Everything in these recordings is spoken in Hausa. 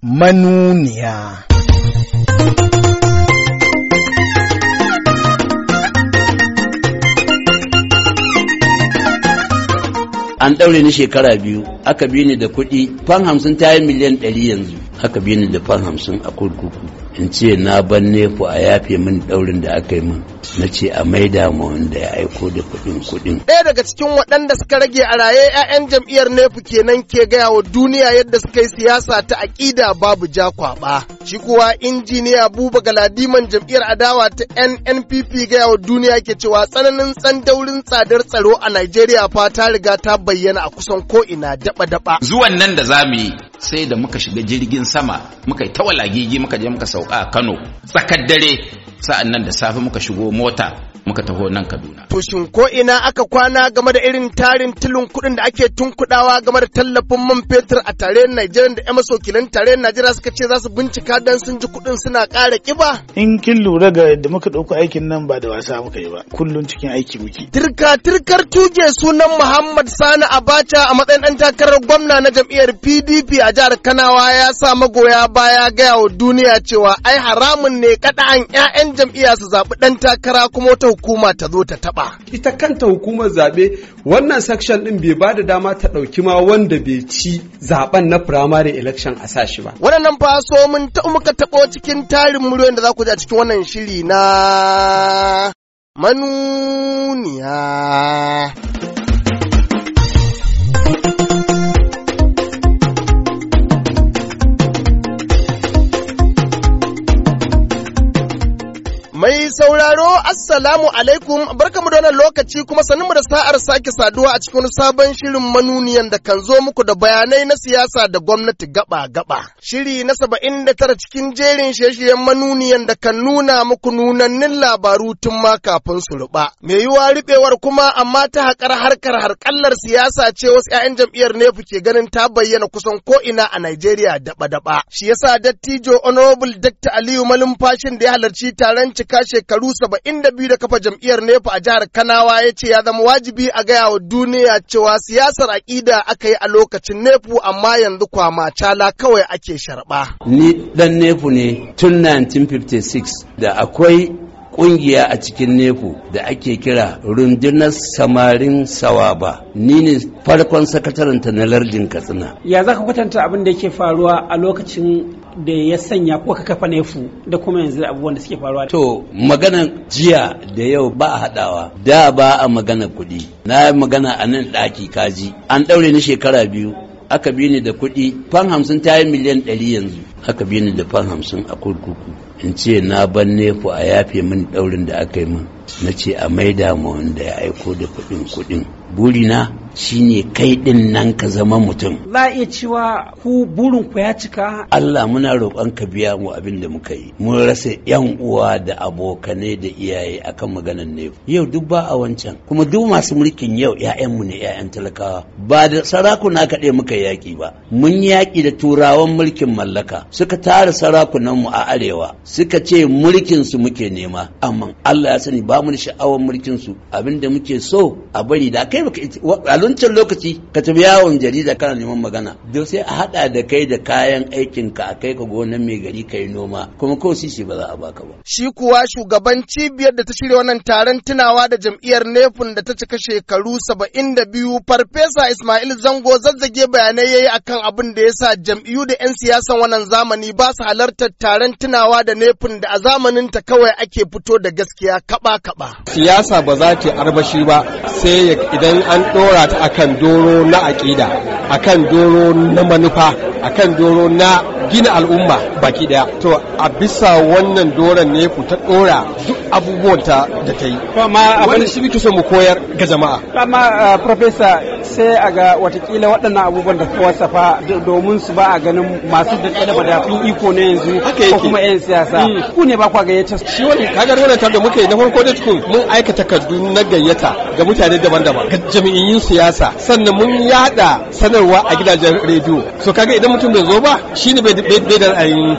manuniya. An ɗaure ni shekara biyu, aka bi ni da kuɗi, fan hamsin ta yi miliyan ɗari yanzu, aka bi ni da fan hamsin a kurkuku. in ce na ban nefu a yafe min daurin da aka yi min na ce a maida ma wanda ya aiko da kuɗin kuɗin. Ɗaya daga cikin waɗanda suka rage a raye 'ya'yan jam'iyyar nefu kenan ke gaya wa duniya yadda suka yi siyasa ta aƙida babu jakwaɓa. kwaɓa. Shi kuwa injiniya Buba Galadiman jam'iyyar adawa ta NNPP gaya wa duniya ke cewa tsananin tsandaurin tsadar tsaro a Najeriya fa ta riga ta bayyana a kusan ko ina daɓa. daɓa Zuwan nan da za mu yi sai da muka shiga jirgin sama muka yi tawala gigi muka je muka sauka a kano tsakar dare sa'an nan da safe muka shigo mota muka taho nan Kaduna. To shin ko ina aka kwana game da irin tarin tilin kuɗin da ake tunkuɗawa game da tallafin man fetur a tare Najeriya da 'yan masokilan tare Najeriya suka ce za su bincika dan sun ji kuɗin suna ƙara ƙiba? In kin lura ga yadda muka ɗauko aikin nan ba da wasa muka yi ba kullum cikin aiki muke. Tirka tirkar tuje sunan Muhammad Sani Abacha a matsayin ɗan takarar gwamna na jam'iyyar PDP a jihar Kanawa ya sa magoya baya gaya wa duniya cewa ai haramun ne an 'ya'yan jam'iyya su zaɓi ɗan takara kuma wata hukuma ta zo ta taba ita kanta hukumar zabe wannan section ɗin bai bada dama ta ɗauki ma wanda bai ci zaben na primary election a sashi ba waɗannan fa so mun ta muka tabo cikin tarin muryoyin da za ku ji a cikin wannan shiri na manuniya sauraro Assalamu alaikum barkamu da wannan lokaci kuma sanin da sa'ar sake saduwa a cikin sabon shirin manuniyan da kan zo muku da bayanai na siyasa da gwamnati gaba gaba. Shiri na saba'in da tara cikin jerin shirye-shiryen manuniyan da kan nuna muku nunannin labaru tun ma kafin su ruba. Me yiwa ribewar kuma amma ta haƙar harkar harƙallar siyasa ce wasu 'ya'yan jam'iyyar nefu ke ganin ta bayyana kusan ko ina a Najeriya daba-daba. Shi yasa dattijo Honorable Dr. Aliyu Malumfashin da ya halarci taron cika shekaru shekaru saba'in da biyu da kafa jam'iyyar nefa a jihar Kanawa ya ce ya zama wajibi a gaya wa duniya cewa siyasar aƙida aka yi a lokacin nefu amma yanzu kwama cala kawai ake sharɓa. Ni dan nefu ne tun 1956 da akwai kungiya a cikin nefu da ake kira rundunar samarin sawaba ni ne farkon sakataranta na lardin katsina ya za ka kwatanta abin da yake faruwa a lokacin da ya sanya ko ka kafa nefu da kuma yanzu abubuwan da suke faruwa to maganan jiya da yau ba a hadawa da ba a magana kuɗi na magana a nan daki kaji an ɗaure ni shekara biyu aka bi ni da kuɗi fan hamsin ta yi miliyan ɗari yanzu aka bi ni da fan hamsin a kurkuku in ce na banne ku a yafe min daurin da aka yi min na ce a maida mu wanda ya aiko da kuɗin kuɗin burina shine kai ɗin nan ka zama mutum la iya cewa ku burin ku ya cika Allah muna roƙon ka biya mu abin da muka yi mun rasa yan uwa da abokanai da iyaye akan maganar ne yau duk ba a wancan kuma duk masu mulkin yau ƴaƴan mu ne ƴaƴan talakawa ba da sarakuna kaɗai muka yaƙi ba mun yaƙi da turawan mulkin mallaka suka tara sarakunan mu a arewa suka ce mulkinsu muke nema amma Allah ya sani ba mu sha'awar mulkinsu abinda muke so a bari da kai baka a luncan lokaci ka tafi yawon jarida kana neman magana duk sai a hada da kai da kayan aikin ka a kai ka gonan mai gari kai noma kuma ko sisi ba za a baka ba shi kuwa shugaban cibiyar da ta shirya wannan taron tunawa da jam'iyyar nefin da ta cika shekaru saba'in da biyu farfesa Ismail Zango zazzage bayanai yayi akan abin da yasa jam'iyyu da 'yan siyasan wannan zamani ba su halartar taron tunawa da nefin da a zamanin ta kawai ake fito da gaskiya kaba-kaba. Siyasa ba za ta arbashi ba sai idan an ɗora ta akan doro na aƙida, akan doro na manufa, akan doro na gina al'umma baki ɗaya. To a bisa wannan doron ku ta ɗora duk abubuwan ta da ta yi. Wani shi so mu koyar ga jama'a. Amma eh, Profesa sai a ga watakila waɗannan abubuwan da ka wasafa domin su ba a ganin masu da da iko na yanzu ko kuma yan siyasa mm. ku ne ba kwa yace shi wani kagar wannan tar da muka na farko da tukun mun aika takardu na gayyata ga mutane daban-daban ga jami'in siyasa sannan mun yada sanarwa a gidajen rediyo so kaga idan mutum bai zo ba shine bai bai da ra'ayin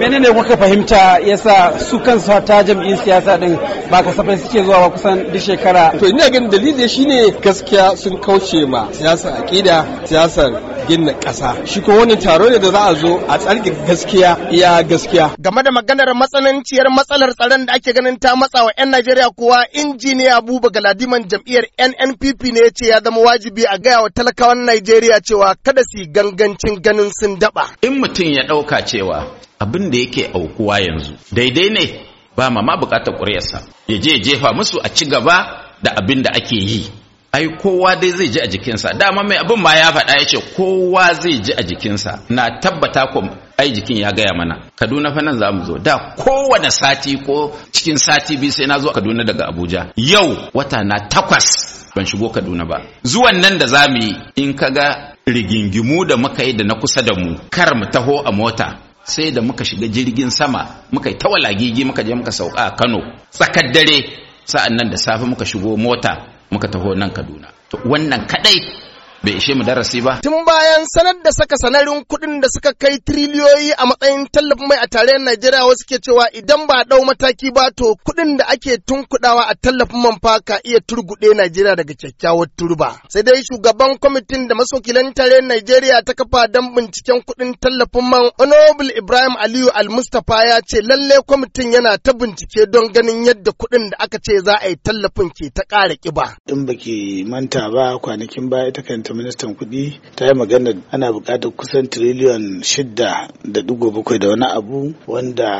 menene kuka fahimta yasa su kansu ta jami'in siyasa din ba ka kasafai suke zuwa ba kusan duk shekara to ina ganin dalili shine gaskiya sun kauce ma siyasar aƙida siyasar gina ƙasa shi ko wani taro ne da za a zo a tsarki gaskiya iya gaskiya game da maganar matsananciyar matsalar tsaron da ake ganin ta matsa wa 'yan Najeriya kuwa injiniya Abuba Galadiman jam'iyyar NNPP ne ya ce ya zama wajibi a gaya wa talakawan Najeriya cewa kada su gangancin ganin sun daba in mutum ya ɗauka cewa abin da yake aukuwa yanzu daidai ne ba ma ma bukatar ƙuryarsa ya je jefa musu a ci gaba da abin da ake yi ai kowa dai zai ji a jikinsa dama mai abin ma ya faɗa ya ce kowa zai ji a jikinsa na tabbata ko ai jikin ya gaya mana kaduna fa nan za mu zo da kowane sati ko cikin sati biyu sai na zo kaduna daga abuja yau wata na takwas ban shigo kaduna ba zuwan nan da za mu yi in ka ga rigingimu da muka yi da na kusa da mu kar mu taho a mota sai da muka shiga jirgin sama muka yi tawalagigi muka je muka sauka a kano tsakar dare sa'an nan da safe muka shigo mota muka taho nan kaduna wannan kaɗai. bai ishe mu darasi ba. Tun bayan sanar da saka sanarin kuɗin da suka kai tiriliyoyi a matsayin tallafin mai a tarayyar Najeriya wasu ke cewa idan ba ɗau mataki ba to kuɗin da ake tunkuɗawa a tallafin man fa ka iya turguɗe Najeriya daga kyakkyawar turba. Sai dai shugaban kwamitin da masokilan tarayyar Najeriya ta kafa don binciken kuɗin tallafin man Honorable Ibrahim Aliyu Al-Mustapha ya ce lalle kwamitin yana ta bincike don ganin yadda kuɗin da aka ce za a yi tallafin ke ta ƙara ƙiba. In baki manta ba kwanakin baya ita kanta wato ministan kuɗi ta yi magana ana bukatar kusan triliyon shida da digo bakwai da wani abu wanda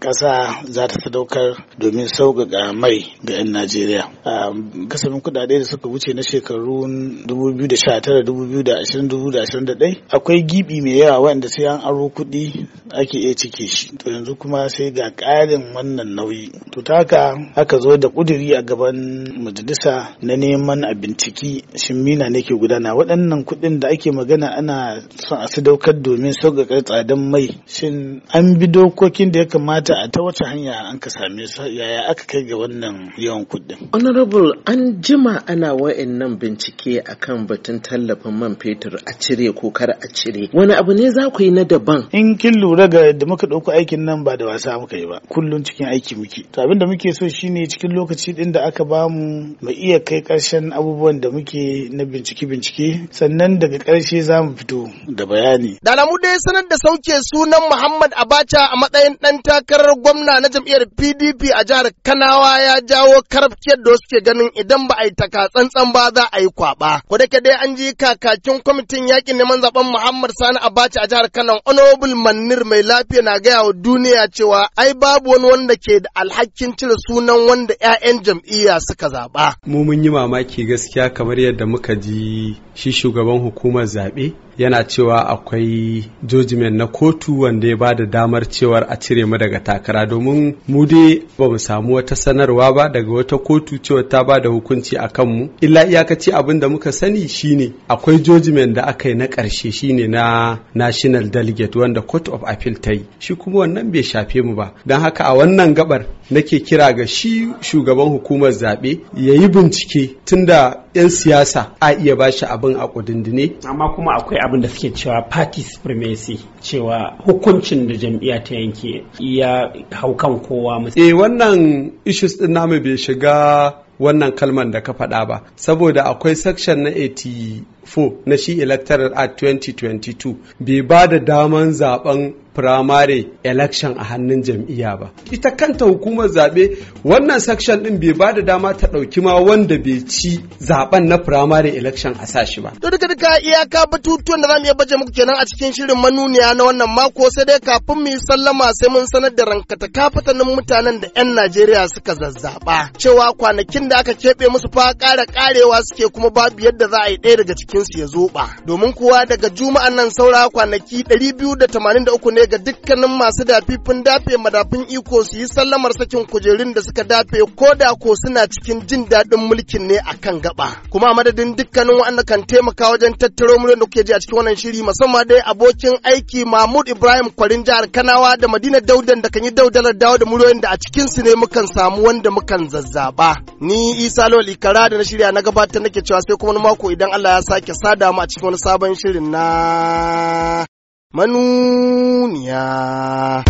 ƙasa za ta sadaukar domin sauƙaƙa mai ga 'yan Najeriya. a Kasafin kudade da suka wuce na shekaru 2019-2021 akwai gibi mai yawa wanda sai an aro kuɗi ake iya cike shi. To yanzu kuma sai ga ƙarin wannan nauyi. To ta haka aka zo da ƙuduri a gaban majalisa na neman a binciki shin mina ne ke gudana waɗannan kuɗin da ake magana ana son a sadaukar domin sauƙaƙa tsadan mai shin an bi dokokin da ya kamata ta ta wace hanya an ka same su yaya aka kai ga wannan yawan kuɗin honorable an jima ana wa'in nan bincike a kan batun tallafin man fetur a cire ko kar a cire wani abu ne za ku yi na daban in kin lura ga da muka ɗauko aikin nan ba da wasa muka yi ba kullum cikin aiki muke to abin da muke so shine cikin lokaci ɗin da aka bamu mu iya kai ƙarshen abubuwan da muke na bincike bincike sannan daga ƙarshe za mu fito da bayani da alamu dai sanar da sauke sunan Muhammad Abacha a matsayin ɗan takar takarar gwamna na jam'iyyar PDP a jihar Kanawa ya jawo karafkiyar da suke ganin idan ba a yi takatsantsan ba za a yi kwaba. Ko da dai an ji kakakin kwamitin yakin neman zaɓen Muhammad Sani Abacha a jihar Kano Honorable Manir mai lafiya na gaya wa duniya cewa ai babu wani wanda ke da alhakin cire sunan wanda 'ya'yan jam'iyya suka zaɓa. Mu mun yi mamaki gaskiya kamar yadda muka ji shi shugaban hukumar zaɓe yana cewa akwai jojimen na kotu wanda ya ba da damar cewar a cire mu daga takara domin mu dai ba mu samu wata sanarwa ba daga wata kotu cewa ta ba da hukunci a kanmu illa iyakaci abin da muka sani shine akwai jojimen da aka yi na karshe shine na national delegate wanda court of appeal ta yi shi kuma wannan bai shafe mu ba don haka a wannan gabar nake kira ga shi shugaban hukumar zaɓe ya yi bincike tunda 'yan siyasa a iya ba shi abin a kudindine. Amma kuma akwai abin da suke cewa party supremacy cewa hukuncin da jam'iyya ta yanke ya hau kan kowa. Eh wannan issues din namu bai shiga wannan kalman da ka faɗa ba saboda akwai section na 80 4 na shi electoral act 2022 bai ba da daman zaben primary election a hannun jam'iyya ba ita kanta hukumar zaɓe wannan section ɗin bai ba da dama ta ɗauki ma wanda bai ci zaben na primary election a sashi ba to duka ka iyaka batutuwan da za mu iya baje muku kenan a cikin shirin manuniya na wannan mako sai dai kafin mu yi sallama sai mun sanar da rankata kafatanin mutanen da 'yan Najeriya suka zazzaba cewa kwanakin da aka keɓe musu fa ƙara ƙarewa suke kuma babu yadda za a yi ɗaya daga cikin bakinsu ya zoɓa. Domin kuwa daga juma'an nan saura kwanaki 283 ne ga dukkanin masu dafifin dafe madafin iko su yi sallamar sakin kujerun da suka dafe ko da ko suna cikin jin daɗin mulkin ne a kan gaba. Kuma madadin dukkanin wa'anda kan taimaka wajen tattaro miliyan da kuke ji a cikin wannan shiri musamman dai abokin aiki Mahmud Ibrahim Kwarin jihar Kanawa da Madina Daudan da kan yi daudalar dawo da miliyoyin da a su ne mukan samu wanda mukan zazzaba. Ni Isa Lawal Ikara da na shirya na gabatar nake cewa sai kuma wani mako idan Allah ya sake sake sada mu a cikin wani sabon shirin na manuniya.